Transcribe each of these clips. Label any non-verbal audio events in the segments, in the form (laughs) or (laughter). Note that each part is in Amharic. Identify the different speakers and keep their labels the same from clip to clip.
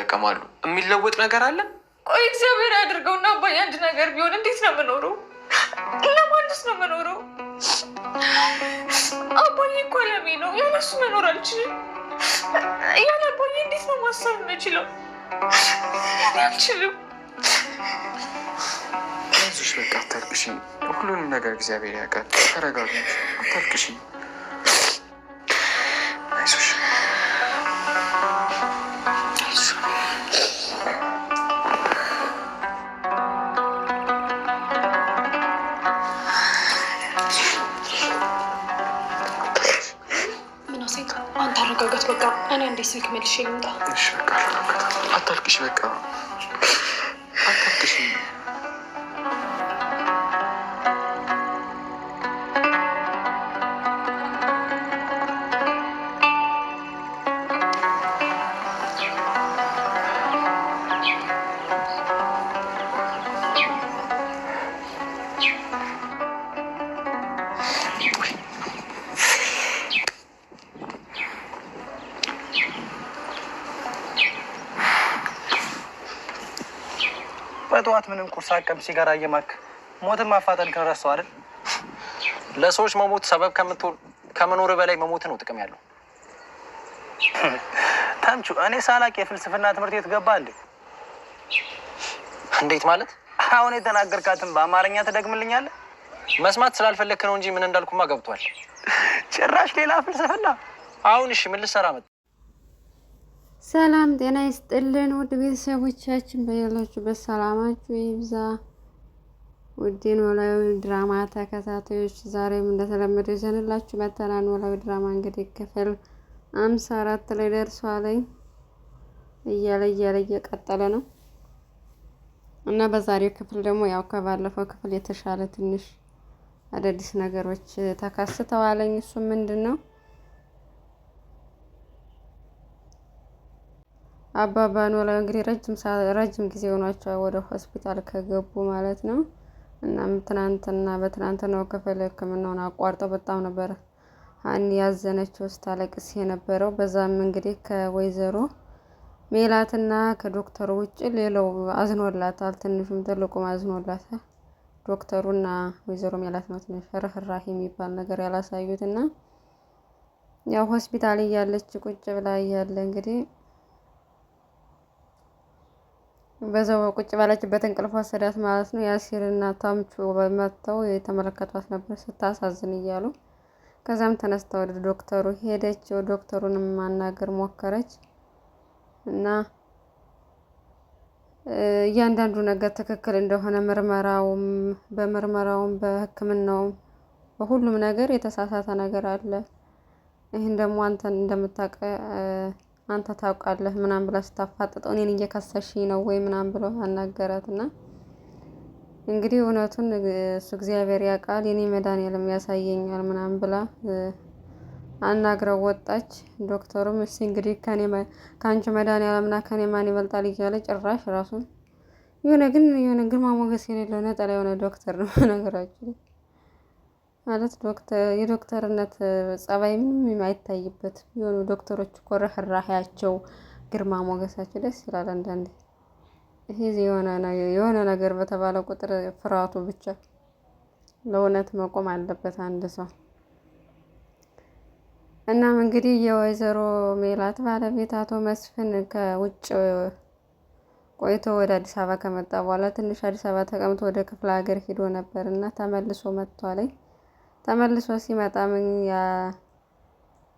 Speaker 1: ይጠቀማሉ። የሚለወጥ ነገር አለ?
Speaker 2: ቆይ እግዚአብሔር እና አባይ አንድ ነገር ቢሆን እንዴት ነው የምኖረው? ለማንስ ነው የምኖረው? አባዬ እኮ አለሜ ነው። እሱ መኖር አልችልም። ያለ አባይ እንዴት ነው ማሰብ የምችለው? አልችልም።
Speaker 1: አይዞሽ በቃ አታልቅሽ። ሁሉንም ነገር እግዚአብሔር ያውቃል። ተረጋጊ፣ አታልቅሽ።
Speaker 2: ሴት አንተ አረጋጋት። በቃ እኔ እንዴት ስልክ መልሼ ልምጣ።
Speaker 1: እሺ በቃ አታልቅሽ በቃ
Speaker 3: ምንም ቁርስ አቀም ሲጋራ እየማክ ሞትን ማፋጠን ከረሰው አይደል?
Speaker 4: ለሰዎች መሞት ሰበብ ከመኖር በላይ መሞት ነው ጥቅም ያለው። (laughs)
Speaker 3: ተምቹ እኔ ሳላቅ የፍልስፍና ትምህርት ቤት ገባ እንዴ? እንዴት ማለት? አሁን የተናገርካትን በአማርኛ ትደግምልኛለህ?
Speaker 4: መስማት ስላልፈለክ ነው እንጂ ምን እንዳልኩማ ገብቷል።
Speaker 3: ጭራሽ ሌላ ፍልስፍና።
Speaker 4: አሁን እሺ ምን ልሰራ መጣ?
Speaker 5: ሰላም ጤና ይስጥልን ውድ ቤተሰቦቻችን በያላችሁበት በሰላማችሁ ይብዛ። ውድ ኖላዊ ድራማ ተከታታዮች ዛሬም እንደተለመደው ይዘንላችሁ መተናል። ኖላዊ ድራማ እንግዲህ ክፍል አምሳ አራት ላይ ደርሷለኝ እያለ እያለ እየቀጠለ ነው እና በዛሬው ክፍል ደግሞ ያው ከባለፈው ክፍል የተሻለ ትንሽ አዳዲስ ነገሮች ተከስተዋለኝ። እሱ ምንድን ነው አባባ ኖላዊ እንግዲህ ረጅም ረጅም ጊዜ ሆኗቸው ወደ ሆስፒታል ከገቡ ማለት ነው። እናም ትናንትና በትናንትናው ክፍል ሕክምናውን አቋርጠው በጣም ነበር አን ያዘነችው ስታለቅስ የነበረው በዛም እንግዲህ ከወይዘሮ ሜላትና ከዶክተሩ ውጭ ሌላው አዝኖላታል። ትንሹም ትልቁም አዝኖላታል። ዶክተሩና ወይዘሮ ሜላት ነው ትንሽ ርህራሄ የሚባል ነገር ያላሳዩትና ያው ሆስፒታል እያለች ቁጭ ብላ እያለ እንግዲህ በዛው ቁጭ ባለችበት እንቅልፍ ወሰዳት ማለት ነው። ያሲርና ታምቹ መጥተው የተመለከቷት ነበር ስታሳዝን እያሉ። ከዛም ተነስታ ወደ ዶክተሩ ሄደች። ዶክተሩን ማናገር ሞከረች እና እያንዳንዱ ነገር ትክክል እንደሆነ ምርመራውም በምርመራውም በሕክምናውም በሁሉም ነገር የተሳሳተ ነገር አለ። ይህን ደግሞ አንተን እንደምታውቀ አንተ ታውቃለህ ምናም ብላ ስታፋጥጠው እኔን እየከሰሽኝ ነው ወይ ምናም ብሎ አናገራት እና እንግዲህ እውነቱን እሱ እግዚአብሔር ያውቃል የኔ መድኃኒዓለም ያሳየኛል ምናም ብላ አናግረው ወጣች። ዶክተሩም እሺ እንግዲህ ከኔ ከአንቺ መድኃኒዓለምና ከኔ ማን ይበልጣል እያለ ጭራሽ ራሱን የሆነ ግን የሆነ ግርማ ሞገስ የሌለው ነጠላ የሆነ ዶክተር ነው (laughs) ነገራችሁ። ማለት የዶክተርነት ፀባይ ምንም አይታይበት የሆኑ ዶክተሮች እኮ ርህራሄያቸው ግርማ ሞገሳቸው ደስ ይላል። አንዳንዴ ይሄ የሆነ ነገር በተባለ ቁጥር ፍርሃቱ ብቻ ለእውነት መቆም አለበት አንድ ሰው። እናም እንግዲህ የወይዘሮ ሜላት ባለቤት አቶ መስፍን ከውጭ ቆይቶ ወደ አዲስ አበባ ከመጣ በኋላ ትንሽ አዲስ አበባ ተቀምጦ ወደ ክፍለ ሀገር ሄዶ ነበር እና ተመልሶ መጥቷ ላይ ተመልሶ ሲመጣም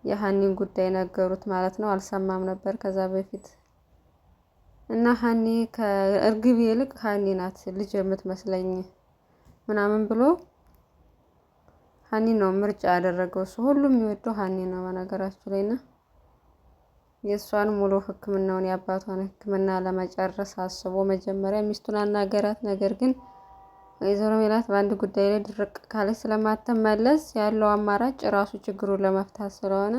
Speaker 5: የሀኒን ጉዳይ ነገሩት ማለት ነው። አልሰማም ነበር ከዛ በፊት እና ሀኒ ከእርግብ ይልቅ ሀኒ ናት ልጅ የምትመስለኝ ምናምን ብሎ ሀኒ ነው ምርጫ ያደረገው። እሱ ሁሉም የሚወደው ሀኒ ነው በነገራችሁ ላይ እና የእሷን ሙሉ ሕክምናውን የአባቷን ሕክምና ለመጨረስ አስቦ መጀመሪያ ሚስቱን አናገራት። ነገር ግን ወይዘሮ ሜላት በአንድ ጉዳይ ላይ ድርቅ ካለች ስለማትመለስ ያለው አማራጭ ራሱ ችግሩን ለመፍታት ስለሆነ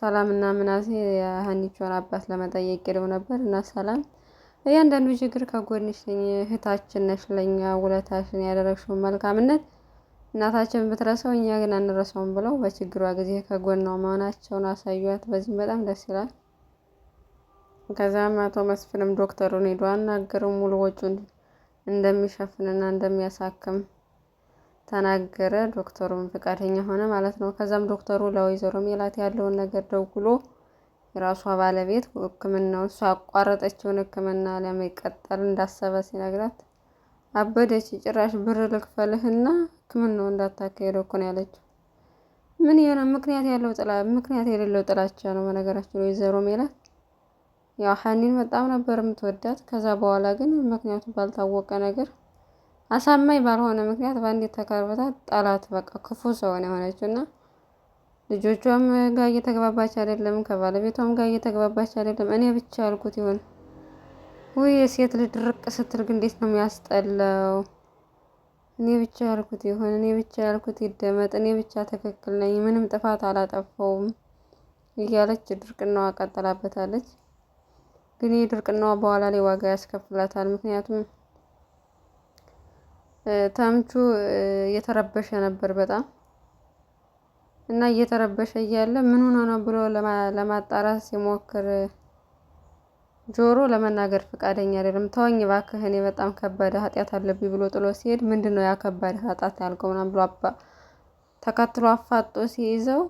Speaker 5: ሰላም እና ምናሴ የሀኒቾን አባት ለመጠየቅ ሄደው ነበር እና ሰላም እያንዳንዱ ችግር ከጎንሽ ነኝ፣ እህታችን ነሽ፣ ለእኛ ውለታሽን ያደረግሽውን መልካምነት እናታችን ብትረሰው እኛ ግን አንረሰውም ብለው በችግሯ ጊዜ ከጎናው መሆናቸውን አሳዩት። በዚህም በጣም ደስ ይላል። ከዚያም አቶ መስፍንም ዶክተሩን ሄዶ አናገረው ሙሉ ወጪውን እንደሚሸፍንና እንደሚያሳክም ተናገረ። ዶክተሩም ፈቃደኛ ሆነ ማለት ነው። ከዛም ዶክተሩ ለወይዘሮ ሜላት ያለውን ነገር ደውሎ የራሷ ባለቤት ሕክምናውን እሷ አቋረጠችውን ሕክምና ለመቀጠል እንዳሰበ ሲነግራት አበደች። ጭራሽ ብር ልክፈልህና ሕክምናው እንዳታካሄደው እኮ ነው ያለችው። ምን የሆነ ምክንያት ያለው ጥላ ምክንያት የሌለው ጥላቻ ነው። በነገራችን ወይዘሮ ሜላት ያው ሀኒን በጣም ነበር የምትወዳት። ከዛ በኋላ ግን ምክንያቱ ባልታወቀ ነገር አሳማኝ ባልሆነ ምክንያት በአንድ የተካርበታት ጠላት በቃ ክፉ ሰውን የሆነችው እና ልጆቿም ጋር እየተግባባች አይደለም፣ ከባለቤቷም ጋር እየተግባባች አይደለም። እኔ ብቻ ያልኩት ይሆን ወይ የሴት ልጅ ድርቅ ስትል ግን እንዴት ነው የሚያስጠላው? እኔ ብቻ ያልኩት ይሆን? እኔ ብቻ ያልኩት ይደመጥ? እኔ ብቻ ትክክል ነኝ፣ ምንም ጥፋት አላጠፋውም እያለች ድርቅናዋ ቀጠላበታለች። ግን ይህ ድርቅናዋ በኋላ ላይ ዋጋ ያስከፍላታል። ምክንያቱም ተምቹ እየተረበሸ ነበር በጣም እና እየተረበሸ እያለ ምን ሆኖ ነው ብሎ ለማጣራት ሲሞክር ጆሮ ለመናገር ፈቃደኛ አይደለም። ተወኝ እባክህ እኔ በጣም ከባድ ኃጢአት አለብኝ ብሎ ጥሎ ሲሄድ ምንድን ነው ያ ከባድ ኃጢአት ያልከው ምናምን ብሎ ተከትሎ አፋጦ ሲይዘው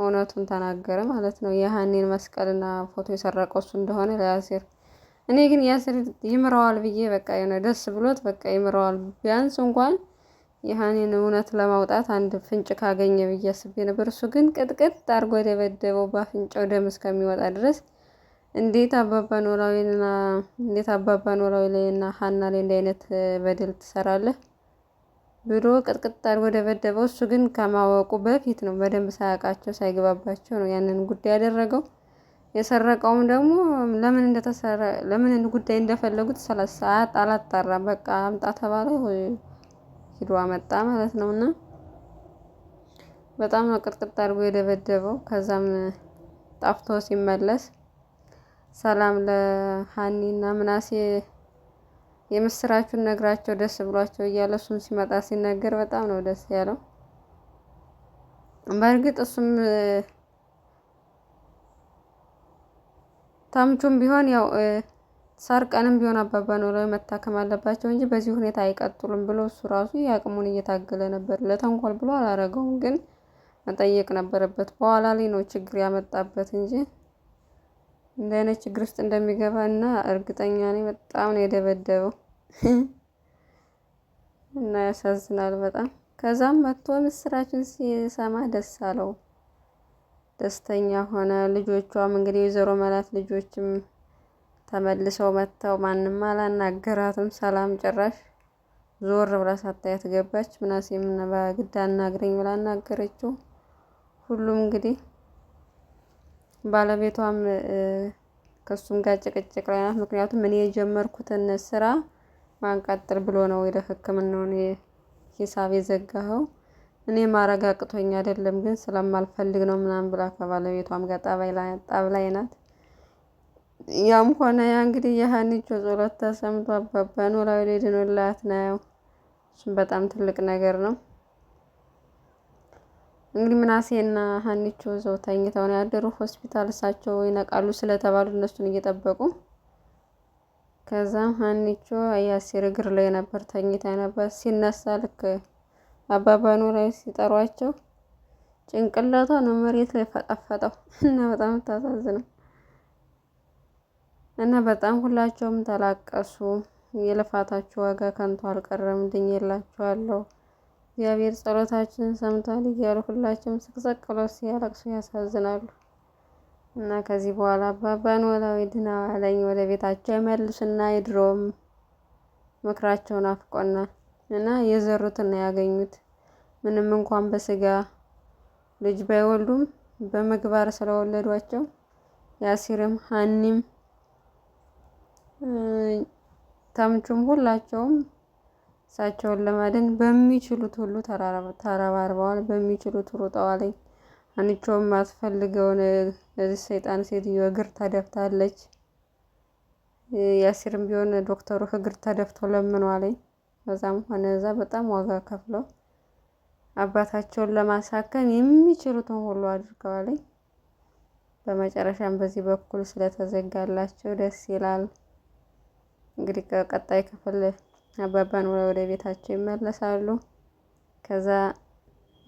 Speaker 5: እውነቱን ተናገረ ማለት ነው። የሀኒን መስቀልና ፎቶ የሰረቀው እሱ እንደሆነ ለያሲር እኔ ግን ያሲር ይምረዋል ብዬ በቃ የሆነ ደስ ብሎት በቃ ይምረዋል። ቢያንስ እንኳን የሀኒን እውነት ለማውጣት አንድ ፍንጭ ካገኘ ብዬ አስቤ ነበር። እሱ ግን ቅጥቅጥ አድርጎ ደበደበው በአፍንጫው ደም እስከሚወጣ ድረስ። እንዴት አባባ ኖላዊና እንዴት አባባ ኖላዊ ላይ ላይና ሀና ላይ እንዲህ አይነት በደል ትሰራለህ? ብሎ ቅጥቅጥ አድርጎ ደበደበው። እሱ ግን ከማወቁ በፊት ነው፣ በደንብ ሳያውቃቸው ሳይገባባቸው ነው ያንን ጉዳይ ያደረገው። የሰረቀውም ደግሞ ለምን እንደተሰረ ለምን ጉዳይ እንደፈለጉት ሰዓት አላጣራ፣ በቃ አምጣ ተባለ፣ ሂዶ አመጣ ማለት ነው። እና በጣም ነው ቅጥቅጥ አድርጎ የደበደበው። ከዛም ጠፍቶ ሲመለስ ሰላም እና ምናሴ የምስራቹን ነግራቸው ደስ ብሏቸው እያለ እሱም ሲመጣ ሲነገር በጣም ነው ደስ ያለው። በእርግጥ እሱም ታምቹም ቢሆን ያው ሳር ቀንም ቢሆን አባባ ላይ መታከም አለባቸው እንጂ በዚህ ሁኔታ አይቀጥሉም ብሎ እሱ ራሱ የአቅሙን እየታገለ ነበር። ለተንኮል ብሎ አላረገውም፣ ግን መጠየቅ ነበረበት። በኋላ ላይ ነው ችግር ያመጣበት እንጂ እንዲህ አይነት ችግር ውስጥ እንደሚገባ እና እርግጠኛ ነኝ። በጣም ነው የደበደበው (laughs) እና ያሳዝናል በጣም። ከዛም መጥቶ ምስራችን ሲሰማ ደስ አለው፣ ደስተኛ ሆነ። ልጆቿም እንግዲህ ወይዘሮ መላት ልጆችም ተመልሰው መጥተው ማንም አላናገራትም። ሰላም ጭራሽ ዞር ብላ ሳታያት ገባች። ምናሴም በግድ አናግረኝ ብላ አናገረችው። ሁሉም እንግዲህ ባለቤቷም ከሱም ጋር ጭቅጭቅ ላይ ናት። ምክንያቱም እኔ የጀመርኩትን ስራ ማንቀጥል ብሎ ነው ወደ ሕክምናውን ሂሳብ የዘጋኸው እኔ ማረግ አቅቶኝ አይደለም ግን ስለማልፈልግ ነው ምናምን ብላ ከባለቤቷም ጋር ጠብ ላይ ናት። ያም ሆነ ያ እንግዲህ የሀኒቾ ጸሎት ተሰምቶ አባባ ኖላዊ ድኖላት ነው። እሱም በጣም ትልቅ ነገር ነው። እንግዲህ ምናሴና ሀኒቾ እዛው ተኝተው ነው ያደሩ ሆስፒታል። እሳቸው ይነቃሉ ስለተባሉ እነሱን እየጠበቁ ከዛም ሀኒቾ አያሴር እግር ላይ ነበር ተኝታ ነበር። ሲነሳ ልክ አባባኑ ላይ ሲጠሯቸው ጭንቅላቷ ነው መሬት ላይ ፈጠፈጠው እና በጣም ታሳዝነው እና በጣም ሁላቸውም ተላቀሱ። የልፋታችሁ ዋጋ ከንቱ አልቀረም፣ ድኝላችኋለሁ። እግዚአብሔር ጸሎታችንን ሰምቷል እያሉ ሁላቸውም ስቅሰቅ ብለው ሲያለቅሱ ያሳዝናሉ። እና ከዚህ በኋላ አባባን ኖላዊ ድና ወደ ቤታቸው የመልሱና የድሮም ምክራቸውን አፍቆናል እና የዘሩትና ያገኙት። ምንም እንኳን በስጋ ልጅ ባይወልዱም በምግባር ስለወለዷቸው ያሲርም ሀኒም ተምቹም ሁላቸውም እሳቸውን ለማደን በሚችሉት ሁሉ ተረባርበዋል፣ በሚችሉት ሩጠዋል። አንቾም ማስፈልገውን እዚህ ሰይጣን ሴትዮ እግር ተደፍታለች። ያሲርም ቢሆን ዶክተሩ እግር ተደፍቶ ለምኗል። በዛም ሆነ እዛ በጣም ዋጋ ከፍለው አባታቸውን ለማሳከም የሚችሉትን ሁሉ አድርገዋል። በመጨረሻም በዚህ በኩል ስለተዘጋላቸው ደስ ይላል። እንግዲህ ከቀጣይ ክፍል አባባን ወደ ቤታቸው ይመለሳሉ። ከዛ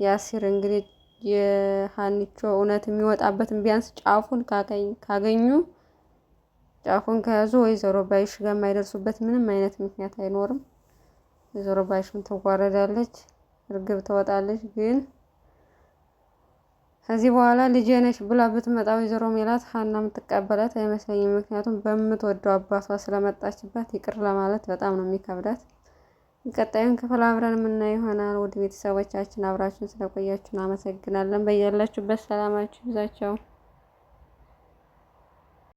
Speaker 5: ያሲር እንግዲህ የሀኒቾ እውነት የሚወጣበትን ቢያንስ ጫፉን ካገኙ ጫፉን ከያዙ ወይዘሮ ባይሽ ጋር የማይደርሱበት ምንም አይነት ምክንያት አይኖርም። ወይዘሮ ባዩሽም ትዋረዳለች፣ እርግብ ትወጣለች ግን ከዚህ በኋላ ልጄ ነሽ ብላ ብትመጣ ወይዘሮ ሜላት ሀና የምትቀበላት አይመስለኝም። ምክንያቱም በምትወደው አባቷ ስለመጣችበት ይቅር ለማለት በጣም ነው የሚከብዳት። ቀጣዩን ክፍል አብረን የምናየው ይሆናል። ውድ ቤተሰቦቻችን አብራችሁን ስለቆያችሁን አመሰግናለን። በያላችሁበት ሰላማችሁ ይብዛቸው።